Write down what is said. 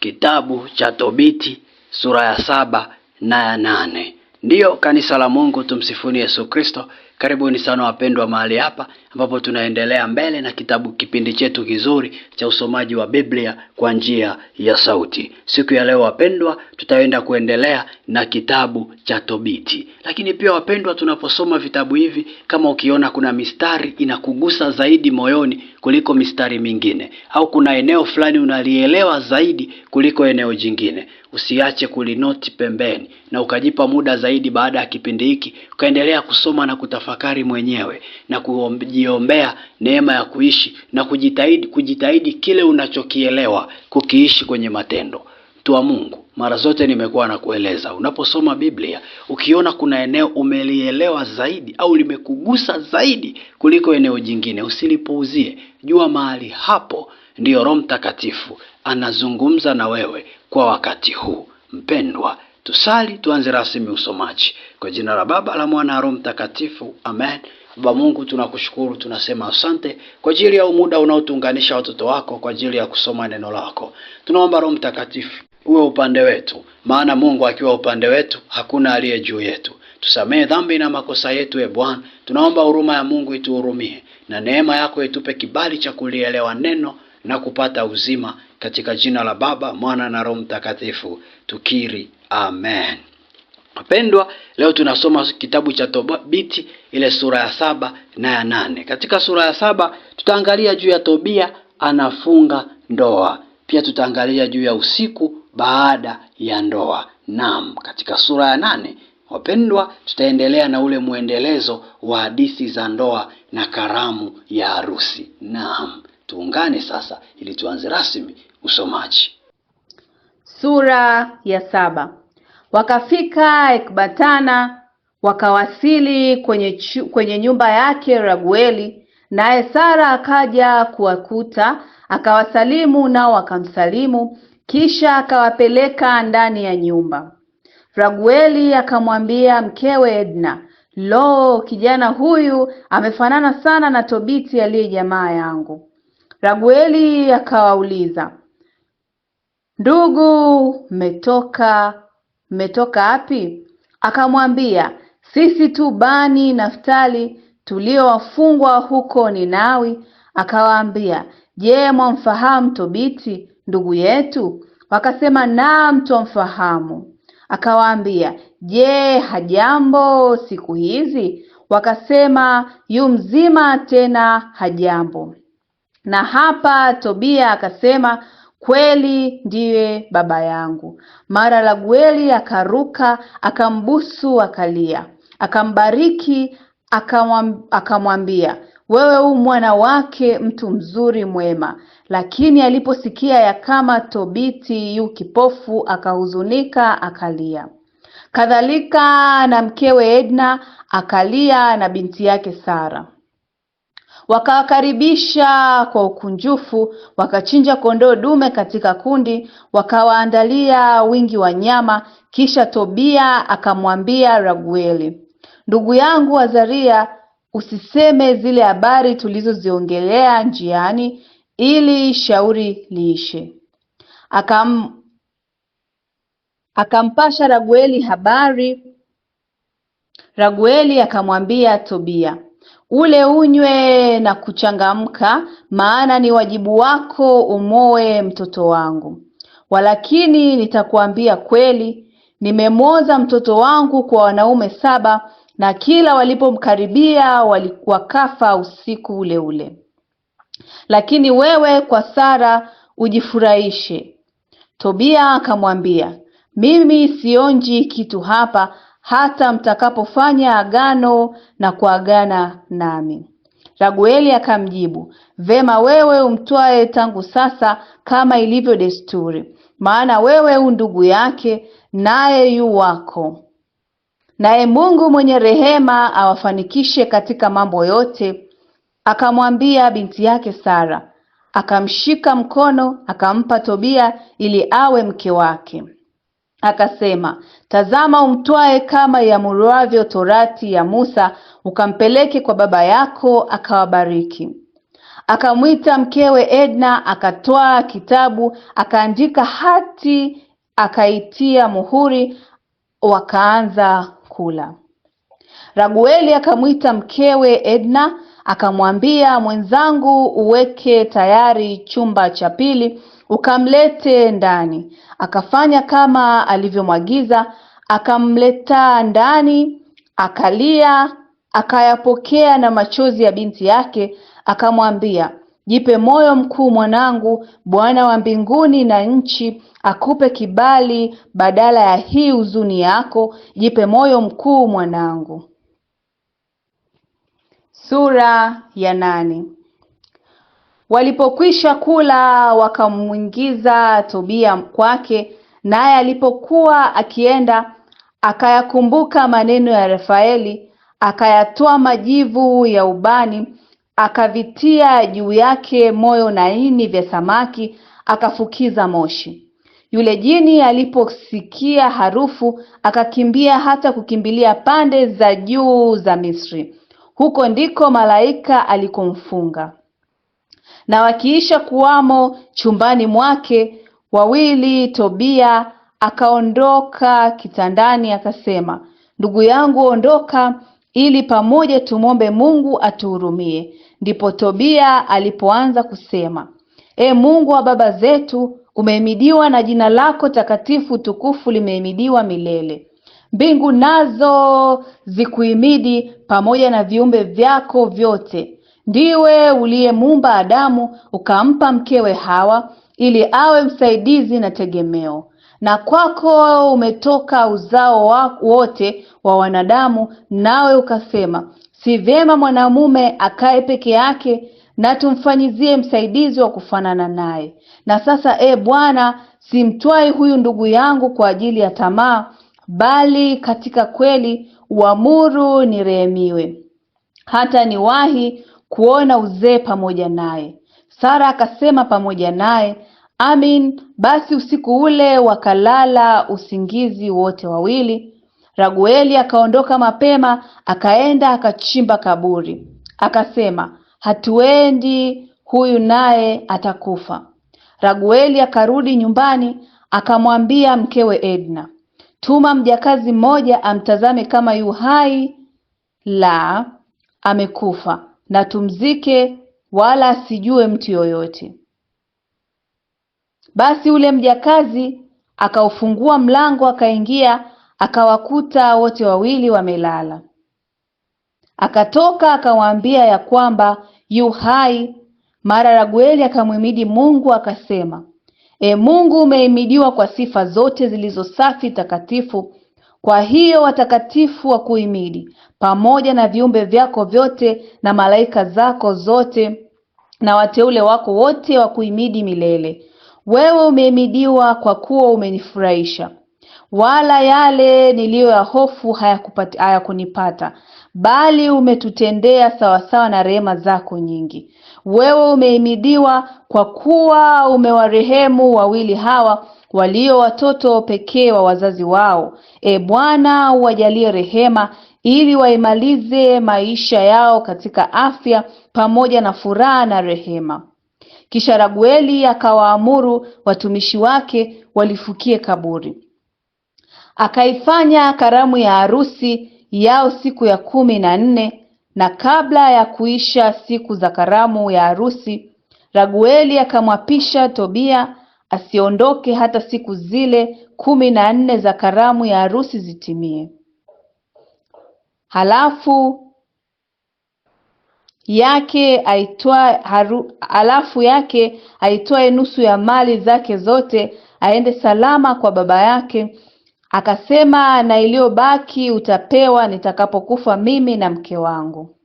Kitabu cha Tobiti sura ya saba na ya nane. Ndiyo kanisa la Mungu, tumsifuni Yesu Kristo. Karibuni sana wapendwa mahali hapa ambapo tunaendelea mbele na kitabu kipindi chetu kizuri cha usomaji wa Biblia kwa njia ya sauti. Siku ya leo wapendwa, tutaenda kuendelea na kitabu cha Tobiti. Lakini pia wapendwa, tunaposoma vitabu hivi, kama ukiona kuna mistari inakugusa zaidi moyoni kuliko mistari mingine, au kuna eneo fulani unalielewa zaidi kuliko eneo jingine, usiache kulinoti pembeni na ukajipa muda zaidi baada ya kipindi hiki ukaendelea kusoma na kutafuta kujitafakari mwenyewe na kujiombea neema ya kuishi na kujitahidi, kujitahidi kile unachokielewa kukiishi kwenye matendo. Mtu wa Mungu, mara zote nimekuwa nakueleza, unaposoma Biblia ukiona kuna eneo umelielewa zaidi au limekugusa zaidi kuliko eneo jingine, usilipuuzie. Jua mahali hapo ndiyo Roho Mtakatifu anazungumza na wewe kwa wakati huu, mpendwa. Tusali tuanze rasmi usomaji. Kwa jina la Baba la Mwana na Roho Mtakatifu, amen. Baba Mungu, tunakushukuru, tunasema asante kwa ajili ya umuda unaotuunganisha watoto wako kwa ajili ya kusoma neno lako. Tunaomba Roho Mtakatifu uwe upande wetu, maana Mungu akiwa upande wetu hakuna aliye juu yetu. Tusamehe dhambi na makosa yetu, e Bwana. Tunaomba huruma ya Mungu ituhurumie, na neema yako itupe kibali cha kulielewa neno na kupata uzima, katika jina la Baba, Mwana na Roho Mtakatifu tukiri. Amen. Wapendwa, leo tunasoma kitabu cha Tobiti ile sura ya saba na ya nane. Katika sura ya saba tutaangalia juu ya Tobia anafunga ndoa, pia tutaangalia juu ya usiku baada ya ndoa. Naam, katika sura ya nane wapendwa, tutaendelea na ule mwendelezo wa hadithi za ndoa na karamu ya harusi. Naam, tuungane sasa ili tuanze rasmi usomaji sura ya saba. Wakafika Ekbatana wakawasili kwenye, chu, kwenye nyumba yake Ragueli, naye Sara akaja kuwakuta akawasalimu, nao wakamsalimu. Kisha akawapeleka ndani ya nyumba. Ragueli akamwambia mkewe Edna, Lo, kijana huyu amefanana sana na Tobiti aliye jamaa yangu. Ragueli akawauliza, ndugu, mmetoka mmetoka wapi? Akamwambia, sisi tu Bani Naftali tuliowafungwa huko Ninawi. Akawaambia, je, mwamfahamu Tobiti ndugu yetu? Wakasema, naam, twamfahamu. Akawaambia, je, hajambo siku hizi? Wakasema, yu mzima, tena hajambo. Na hapa Tobia akasema kweli ndiye baba yangu. Mara gweli akaruka, akambusu, akalia, akambariki, akamwambia wewe u mwana wake mtu mzuri mwema. Lakini aliposikia ya kama Tobiti yu kipofu, akahuzunika akalia. Kadhalika na mkewe Edna akalia na binti yake Sara. Wakawakaribisha kwa ukunjufu, wakachinja kondoo dume katika kundi, wakawaandalia wingi wa nyama. Kisha Tobia akamwambia Ragueli, ndugu yangu Azaria, usiseme zile habari tulizoziongelea njiani, ili shauri liishe. Akam, akampasha Ragueli habari. Ragueli akamwambia Tobia, Ule unywe na kuchangamka, maana ni wajibu wako umoe mtoto wangu. Walakini nitakuambia kweli, nimemwoza mtoto wangu kwa wanaume saba, na kila walipomkaribia wakafa usiku ule ule. Lakini wewe kwa Sara ujifurahishe. Tobia akamwambia, mimi sionji kitu hapa hata mtakapofanya agano na kuagana nami. Ragueli akamjibu, Vema wewe umtwae tangu sasa, kama ilivyo desturi, maana wewe u ndugu yake, naye yu wako. Naye Mungu mwenye rehema awafanikishe katika mambo yote. Akamwambia binti yake Sara, akamshika mkono, akampa Tobia ili awe mke wake. Akasema, Tazama, umtwae kama iamuriwavyo torati ya Musa, ukampeleke kwa baba yako, akawabariki. Akamwita mkewe Edna, akatwaa kitabu, akaandika hati, akaitia muhuri, wakaanza kula. Ragueli akamwita mkewe Edna, akamwambia, Mwenzangu, uweke tayari chumba cha pili ukamlete ndani. Akafanya kama alivyomwagiza, akamleta ndani, akalia, akayapokea na machozi ya binti yake, akamwambia Jipe moyo mkuu mwanangu, Bwana wa mbinguni na nchi akupe kibali badala ya hii huzuni yako. Jipe moyo mkuu mwanangu. Sura ya nane. Walipokwisha kula wakamwingiza Tobia kwake, naye alipokuwa akienda akayakumbuka maneno ya Rafaeli, akayatoa majivu ya ubani, akavitia juu yake moyo na ini vya samaki, akafukiza moshi. Yule jini aliposikia harufu akakimbia hata kukimbilia pande za juu za Misri. Huko ndiko malaika alikomfunga na wakiisha kuwamo chumbani mwake wawili Tobia akaondoka kitandani akasema ndugu yangu ondoka ili pamoja tumwombe Mungu atuhurumie ndipo Tobia alipoanza kusema e Mungu wa baba zetu umehimidiwa na jina lako takatifu tukufu limehimidiwa milele mbingu nazo zikuhimidi pamoja na viumbe vyako vyote Ndiwe uliyemuumba Adamu ukampa mkewe Hawa ili awe msaidizi na tegemeo na kwako umetoka uzao wote wa wanadamu, nawe ukasema, si vyema mwanamume akae peke yake, na tumfanyizie msaidizi wa kufanana naye. Na sasa, e Bwana, simtwai huyu ndugu yangu kwa ajili ya tamaa, bali katika kweli uamuru nirehemiwe, hata niwahi kuona uzee pamoja naye. Sara akasema pamoja naye, Amin. Basi usiku ule wakalala usingizi wote wawili. Ragueli akaondoka mapema, akaenda akachimba kaburi, akasema, hatuendi, huyu naye atakufa. Ragueli akarudi nyumbani, akamwambia mkewe Edna, tuma mjakazi mmoja amtazame kama yu hai, la amekufa na tumzike wala asijue mtu yoyote. Basi ule mjakazi akaufungua mlango akaingia, akawakuta wote wawili wamelala. Akatoka akawaambia ya kwamba yu hai. Mara Ragueli akamhimidi Mungu akasema, E Mungu, umehimidiwa kwa sifa zote zilizo safi takatifu. Kwa hiyo watakatifu wa kuhimidi pamoja na viumbe vyako vyote na malaika zako zote na wateule wako wote wa kuimidi milele. Wewe umehimidiwa kwa kuwa umenifurahisha, wala yale niliyo ya hofu hayakunipata, bali umetutendea sawasawa na rehema zako nyingi. Wewe umehimidiwa kwa kuwa umewarehemu wawili hawa walio watoto pekee wa wazazi wao. E Bwana, uwajalie rehema ili waimalize maisha yao katika afya pamoja na furaha na rehema. Kisha Ragueli akawaamuru watumishi wake walifukie kaburi. Akaifanya karamu ya harusi yao siku ya kumi na nne, na kabla ya kuisha siku za karamu ya harusi, Ragueli akamwapisha Tobia asiondoke hata siku zile kumi na nne za karamu ya harusi zitimie. Halafu yake aitwae nusu ya mali zake zote aende salama kwa baba yake, akasema na iliyobaki utapewa nitakapokufa mimi na mke wangu.